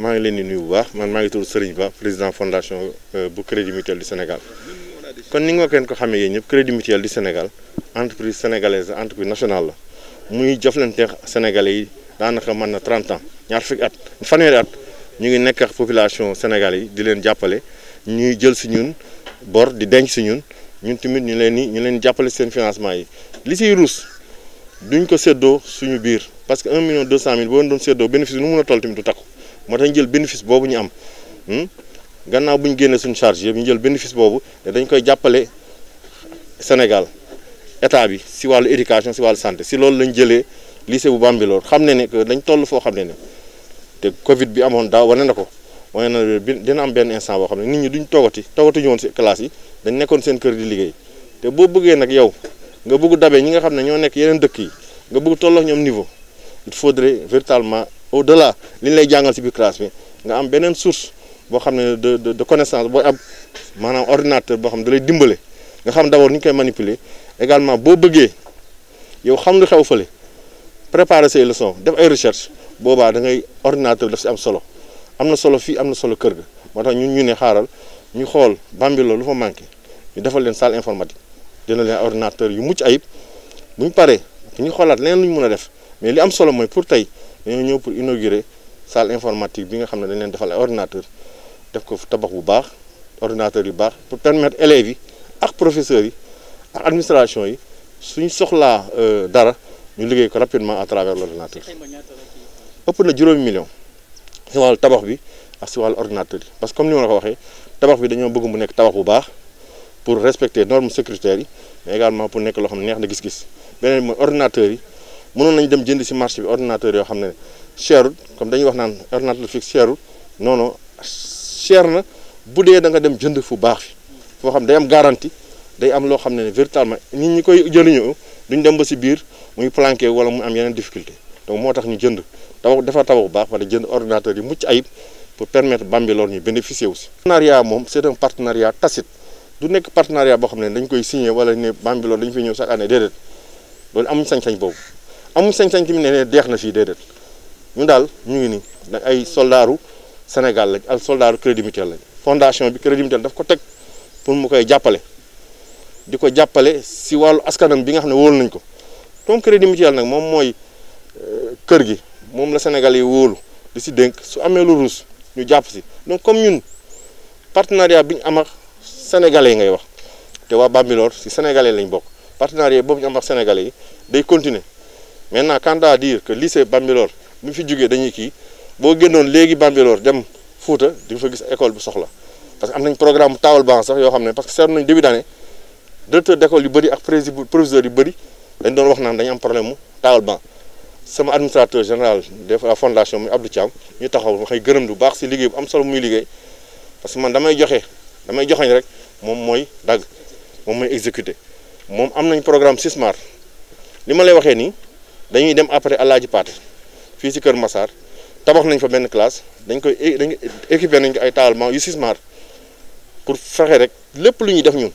maa ngi leen di nuyu bu baax man maa ngi tudd Serigne Ba président fondation euh, bu crédit mutuel du Sénégal kon ni nga ko leen ko xamee yéen ñëpp crédit mutuel du Sénégal entreprise sénégalaise la entreprise nationale la muy jëflanteex sénégalais yi daanaka mën na 30 ans ñaar fukki at fanweeri at ñu ngi nekk ak population sénégalais yi di leen jàppale ñuy jël si ñun bor di denc si ñun ñun tamit ñu leen nii ñu leen jàppale seen financement yi li siy ruus duñ ko séddoo suñu biir parce que 1 million doon séddoo bénéfice du takku. moo tax ñu jël bénéfice boobu ñu am hmm? gannaaw bu ñu génnee suñu charge yëpp ñu jël bénéfice boobu dañ koy jàppale Sénégal état bi si wàllu éducation si wàllu santé si loolu lañ jëlee lycée bu Bambilor xam ne ne que dañ toll foo xam ne ne te Covid bi amoon daaw wane na ko wane na dina am benn instant boo xam ne nit ñi duñ toogati toogatuñu woon si classe yi dañ nekkoon seen kër di liggéey te boo bëggee nag yow nga bëgg dabee ñi nga xam ne ñoo nekk yeneen dëkk yi nga bëgg tolloo ñoom niveau il faudrait véritablement au delà li ñu lay jàngal si biir classe bi nga am beneen source boo xam ne de de connaissance booy am maanaam ordinateur boo xam ne da lay dimbale nga xam d' abord ni koy manipuler également boo bëggee yow xam lu xew fa fële préparer say leçons def ay recherche boobaa da ngay ordinateur daf si am solo am na solo fii am na solo kër ga moo tax ñun ñu ne xaaral ñu xool Bambilor lu fa manqué ñu defal leen salle informatique dina leen ordinateur yu mucc ayib bu ñu paree ñu xoolaat leneen lu mën a def mais li am solo mooy pour tey. dañoo ñëw pour inaugurer salle informatique bi nga xam ne leen defal ay ordinateur def ko tabax bu baax ordinateur yu baax pour permettre élèves yi ak professeurs yi ak administration yi suñ soxlaa euh, dara ñu liggéey ko rapidement à travers l'ordinateur ëpp na juróomi million si wàllu tabax bi ak si wàllu ordinateur yi parce que comme ni ma la ko waxee tabax bi dañoo bëgg mu nekk tabax bu baax pour respecter normes sécuritaires yi mais également pour nekk loo xam ne neex na gis-gis beneen mooy ordinateur yi mënoon nañ dem jënd si marché bi ordinateur yo xamné ne cherut comme dañuy wax naan ordinateur fixe cherut non non cher na budé da nga dem jënd fu baax fi fo xam day am garantie day am lo xamné ne véritablement nit ñi koy jëriñoo duñ dem ba ci biir muy planqué wala mu am yeneen difficulté donc motax ñu jënd taw dafa taw bu baax wala jënd ordinateur yi mucc ayib pour permettre lor ñu bénéficier aussi. partenariat mom c'est un partenariat tacite du nek partenariat bo xamné dañ koy signer wala ne lor dañ fi ñew chaque année dedet lolu amuñ sañ-sañ bobu amul sañ-sañ tamit ne ne deex na fii déedéet mu daal ñu ngi nii nag ay soldaaru Sénégal lañ ay soldaaru Crédit Mutuel lañ fondation bi Crédit Mutuel daf ko teg pour mu koy jàppale di ko jàppale si wàllu askanam bi nga xam ne wóolu nañ ko comme Crédit Mutuel nag moom mooy euh, kër gi moom la Sénégal yi wóolu di si dénk su amee lu ruus ñu jàpp si donc comme ñun partenariat bi ñu am ak sénégalais ngay wax te waa Bambilor si sénégalais lañ bokk partenariat boobu am ak sénégalais day continuer maintenant quant à dire que lycée Bambilor bi mu fi jógee dañuy kii boo génnoon léegi Bambilor dem Fouta di nga fa gis école bu soxla parce que am nañ programme taawal ban sax yoo xam ne parce que seetlu nañ début directeur d'école yu bëri ak proviseur yu bëri dañ doon wax naan dañ am problème mu taawal ban sama administrateur général de la fondation muy Abdou Thiam ñu taxaw ma koy gërëm lu baax si liggéey bu am solo muy liggéey parce que man damay joxe damay joxeñ rek moom mooy dagg moom mooy exécuté moom am nañ programme Sismar li ma lay waxee nii. dañuy dem après Alaaji Paate fii si Kër Massar tabax nañ fa benn classe dañ koy dañ équipé nañ ko ay taalement yu sismar pour fexe rek lépp lu ñuy def ñun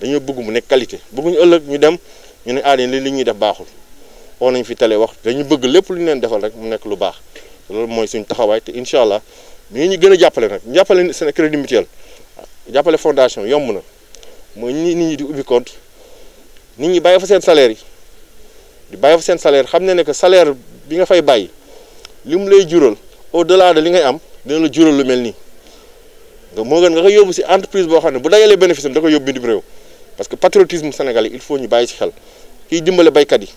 dañoo bëgg mu nekk qualité bëgguñu ëllëg ñu dem ñu ne aadee ah, li li ñuy def baaxul oo nañ fi télé wax dañu bëgg lépp lu ñu leen defal rek mu nekk lu baax loolu mooy suñ taxawaay te incha allah ñu ñu gën a jàppale nag jàppale seen crédit mutuel jàppale fondation yomb na mooy nit ñi di ubbi nit ñi bàyyi fa seen yi di bàyyi fa seen salaire xam ne ne que salaire bi nga fay bàyyi li mu lay jural au delà de li ngay am dina la jural lu mel nii nga moo gën nga koy yóbbu si entreprise boo xam ne bu dajalee bénéfice da koy yóbbu bitim réew parce que patriotisme sénégalais il faut ñu bàyyi xel kiy dimbale baykat yi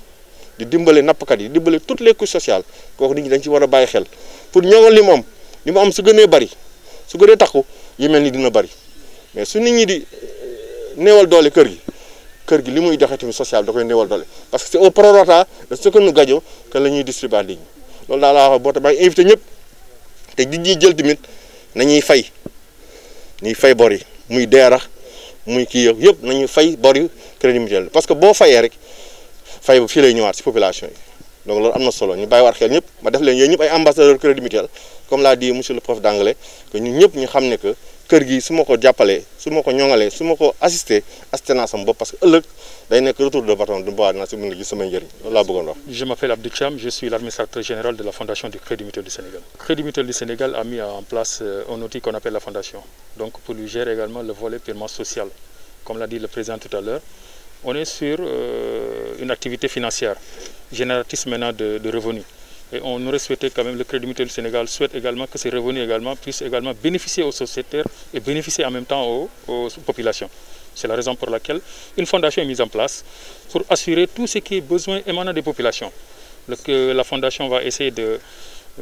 di dimbale nappkat yi dimbale toutes les couches sociales kooku nit ñi dañ ci war a bàyyi xel pour ñoŋal li mu am li mu am su bari su gënee takku yu mel ni dina bari mais su nit ñi di eh, néewal doole kër gi. kër gi li muy joxe tamit social da koy néewal doole parce que c'est au prorata de ce que la ñuy distribuer nit ñi loolu daal laa wax boo tamit invité ñëpp te di ñuy jël tamit nañuy fay ñuy fay bor yi muy deerax muy kii yëpp yëpp nañuy fay bor yu crédit mutuel parce que boo fayee rek fay ba fii lay ñëwaat si population yi donc loolu am na solo ñu bàyyiwaat xel ñëpp ma def leen yéen ñëpp ay ambassadeur crédit mutuel comme l'a dit monsieur le prof d'anglais que ñëpp ñu xam ne que parce de Je m'appelle Abdou Cham, je suis l'administrateur général de la fondation du Crédit Mutuel du Sénégal. Crédit Mutuel du Sénégal a mis en place euh, un outil qu'on appelle la fondation donc pour lui gérer également le volet purement social comme l'a dit le président tout à l'heure on est sur euh, une activité financière génératrice maintenant de revenus. Et on aurait souhaité quand même, le Crédit Mutuel du Sénégal souhaite également que ces revenus également puissent également bénéficier aux sociétaires et bénéficier en même temps aux, populations. C'est la raison pour laquelle une fondation est mise en place pour assurer tout ce qui est besoin émanant des populations. la fondation va essayer de,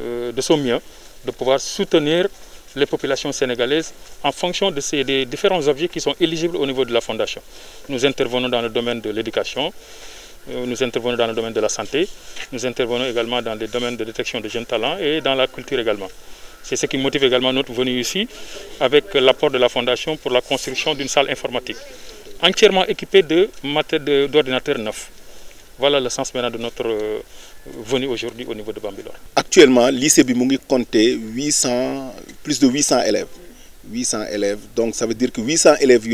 euh, de son mieux de pouvoir soutenir les populations sénégalaises en fonction de ces, des différents objets qui sont éligibles au niveau de la fondation. Nous intervenons dans le domaine de l'éducation, euh, nous intervenons dans le domaine de la santé, nous intervenons également dans le domaines de détection de jeunes talents et dans la culture également. C'est ce qui motive également notre venue ici avec l'apport de la Fondation pour la construction d'une salle informatique entièrement équipée d'ordinateurs neufs. Voilà le sens maintenant de notre euh, venue aujourd'hui au niveau de Bambilor. Actuellement, le lycée comptait plus de 800 élèves. 800 élèves, donc ça veut dire que 800 élèves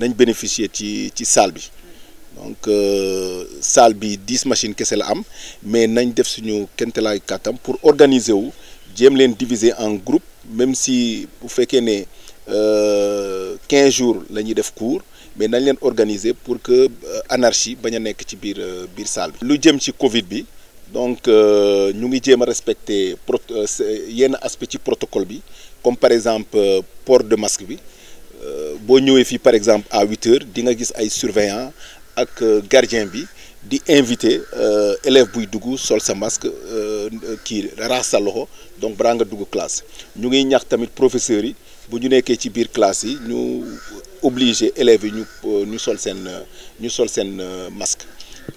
ont bénéficié de cette salle donc euh, salle bi 10 machines sont am mais nous def suñu kentelay katam pour organiser Nous jëm leen diviser en groupes, même si bu fekkee fait euh, 15 jours de def cours mais nañ leen organiser pour que l'anarchie euh, anarchie bañ a nekk ci biir euh, biir salle bi lu covid bi donc euh, ñu ngi jéem respecter prot protocole comme par exemple le port de masque bi euh, boo ñëwee par exemple à 8 heures di nga gis ay surveillant ak euh, gardien bi di invité euh, élève buy dugg sol sa masque euh, kii raxas sa loxo donc balaa nga dugg classe ñu ngi ñax tamit professeur yi bu ñu nekkee ci biir classe yi ñu obligé élèves yi ñu ñu sol seen ñu sol seen masque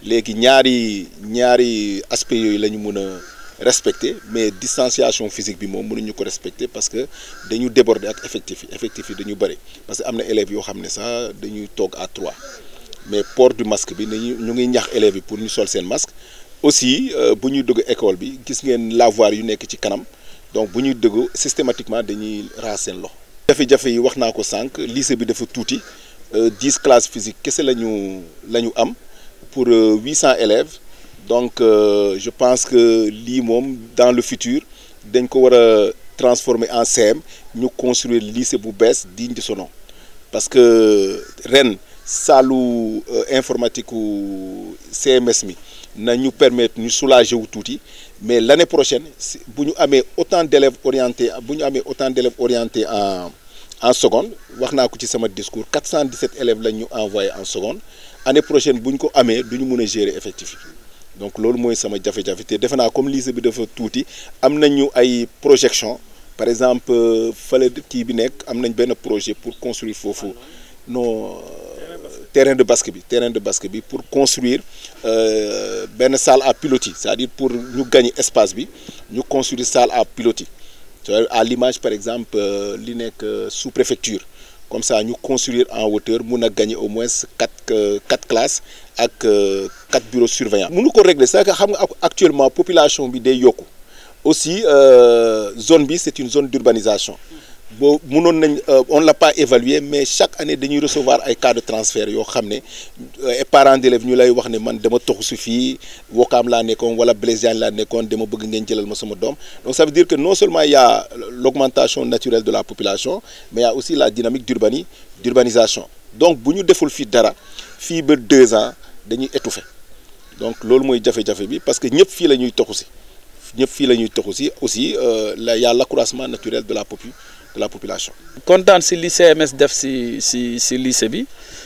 léegi ñaari ñaari aspect yooyu la ñu mën a respecté mais distanciation physique bi moom mënuñu ko respecté parce que dañu déborder ak effectif yi effectif yi dañu bëri parce que am na élèves yoo xam ne sax dañuy toog à trois mais port du masque bi avons ñu ngi ñax élèves pour nous sol sen masque aussi euh, bu ñuy dugg école bi gis ngeen lavoir yu nekk ci kanam donc bu ñuy dugg systématiquement dañuy raas seen loxo. fait jafe yi wax naa lycée bi dafa touti 10 euh, classes physiques quest la lañu am pour 800 euh, élèves donc je pense que li dans le futur dañ ko transformer en CM ñu construire lycée bu bess digne de son nom parce que ren salle euh, informatique ou CMS nous permettent de soulager tout. mais l'année prochaine si nous avons autant d'élèves orientés autant d'élèves orientés en en seconde nous avons ko ci discours 417 élèves nous envoyés en seconde l'année prochaine nous avons ko effectivement. gérer effectivement. donc c'est ce sama jafe-jafe te comme lycée bi dafa nous avons projection par exemple il euh, kii bi un projet pour construire fofu non euh, terrain de basket terrain de basket pour construire une euh, salle à piloter, c'est-à-dire pour nous gagner espace nous construisons construire salle à piloter. à l'image par exemple li sous préfecture comme ça nous construire en hauteur nous avons gagné au moins 4 classes avec quatre bureaux surveillants Nous ko régler c'est actuellement, la actuellement population bi day Yoko aussi euh, zone B, c'est une zone d'urbanisation euh, On ne l'a pas évalué mais chaque année nous recevoir un cas de transfert Yo xamné euh, parents d'élèves ñu lay wax ne man dama toxu su fii Wokam la nekkoon wala de la laa dama bëgg ngeen jëlal ma sama donc ça veut dire que non seulement il y a l'augmentation naturelle de la population mais il y a aussi la dynamique d'urbanisation donc bu ñu deful fi dara fi ba deux ans dañuy étouffer donc ce que nous jafé bi parce que ñëpp fi la ñuy toxu ñëpp fii la ñuy toxu si aussi euh, la y a l'accroissement naturel de la popu de la population. kontaan si li CMS def si si si lycée bi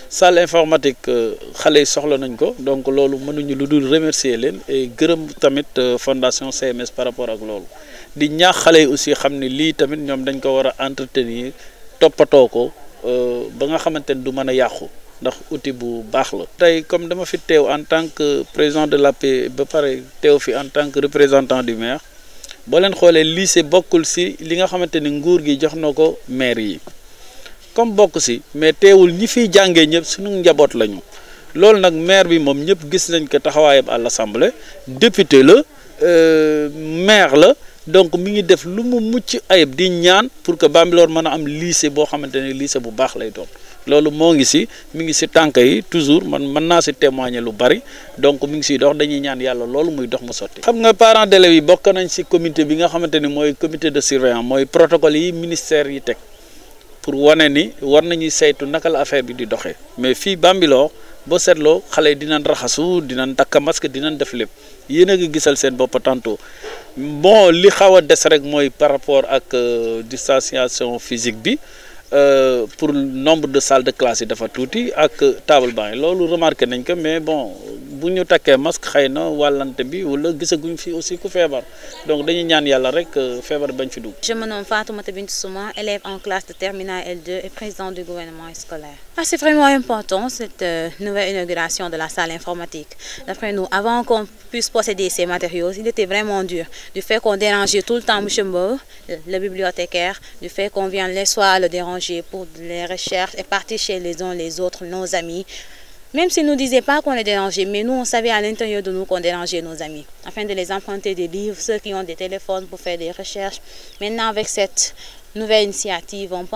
salle informatique euh, xalé soxla nañ ko donc lolu mënuñu lu dul remercier len et gërëm tamit euh, fondation CMS par rapport ak lolu di ñaax xale aussi xam li tamit ñom dañ ko wara entretenir topato ko euh ba nga xamantene du mën a ndax outil bu baax la. tey comme dama fi teew en tant que président de la l'AP ba pare teew fi en tant que représentant du maire boo leen xoolee lycée bokkul si li nga xamante ni nguur gi jox na ko maire yi comme bokk si mais teewul ñi fiy jàngee ñëpp suñu njaboot lañu loolu nag maire bi moom ñëpp gis nañ ko taxawaayam à l'assemblée député la euh, maire la. donc mu ngi def lu mu mucc ayib di ñaan pour que Bambilor mën a am lycée boo xamante ne lycée bu baax lay doon loolu mo ngi ci mi ngi ci tànk yi toujours man man na ci témoigner lu bari donc mi ngi ci dox dañuy ñaan yalla loolu muy dox mu soti xam nga parents d'élèves yi bokk nañ ci comité bi nga xamanteni moy comité de surveillance moy protocole yi ministère yi tek pour wane ni war nañuy saytu nakal affaire bi di doxé mais fi Bambilor boo seetloo xale yi dinañ raxasu dinañ takk masque dinañ def lepp yene nga gissal sen bop bopp bon li xawa dess rek moy par rapport ak euh, distanciation physique bi. Euh, pour nombre de salles de classe yi dafa tuuti ak table banc yi loolu remarqué nañ ko mais bon masque bi wala fi aussi ku donc dañuy ñaan rek euh, bañ je me nomme Fatoumata Bintou Souma élève en classe de terminal L2 et président du gouvernement scolaire. Ah, c'est vraiment important cette euh, nouvelle inauguration de la salle informatique. D'après nous, avant qu'on puisse posséder ces matériaux, il était vraiment dur. Du fait qu'on dérangeait tout le temps Mouchembo, le bibliothécaire, du fait qu'on vient les soirs le déranger pour les recherches et partir chez les uns les autres, nos amis. Même s'ils ne nous disaient pas qu'on les dérangeait, mais nous, on savait à l'intérieur de nous qu'on dérangeait nos amis, afin de les emprunter des livres, ceux qui ont des téléphones pour faire des recherches. Maintenant, avec cette nouvelle initiative, on peut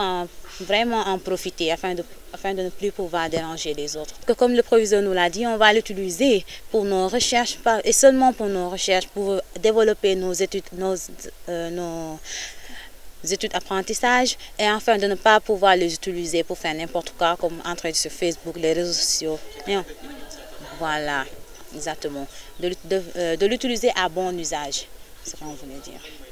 vraiment en profiter afin de, afin de ne plus pouvoir déranger les autres. comme le proviseur nous l'a dit, on va l'utiliser pour nos recherches et seulement pour nos recherches, pour développer nos études, nos euh, études d'apprentissage, et enfin de ne pas pouvoir les utiliser pour faire n'importe quoi comme entrer sur Facebook, les réseaux sociaux. Voilà, exactement. Euh, de, l'utiliser à bon usage, c'est ce qu'on voulait dire.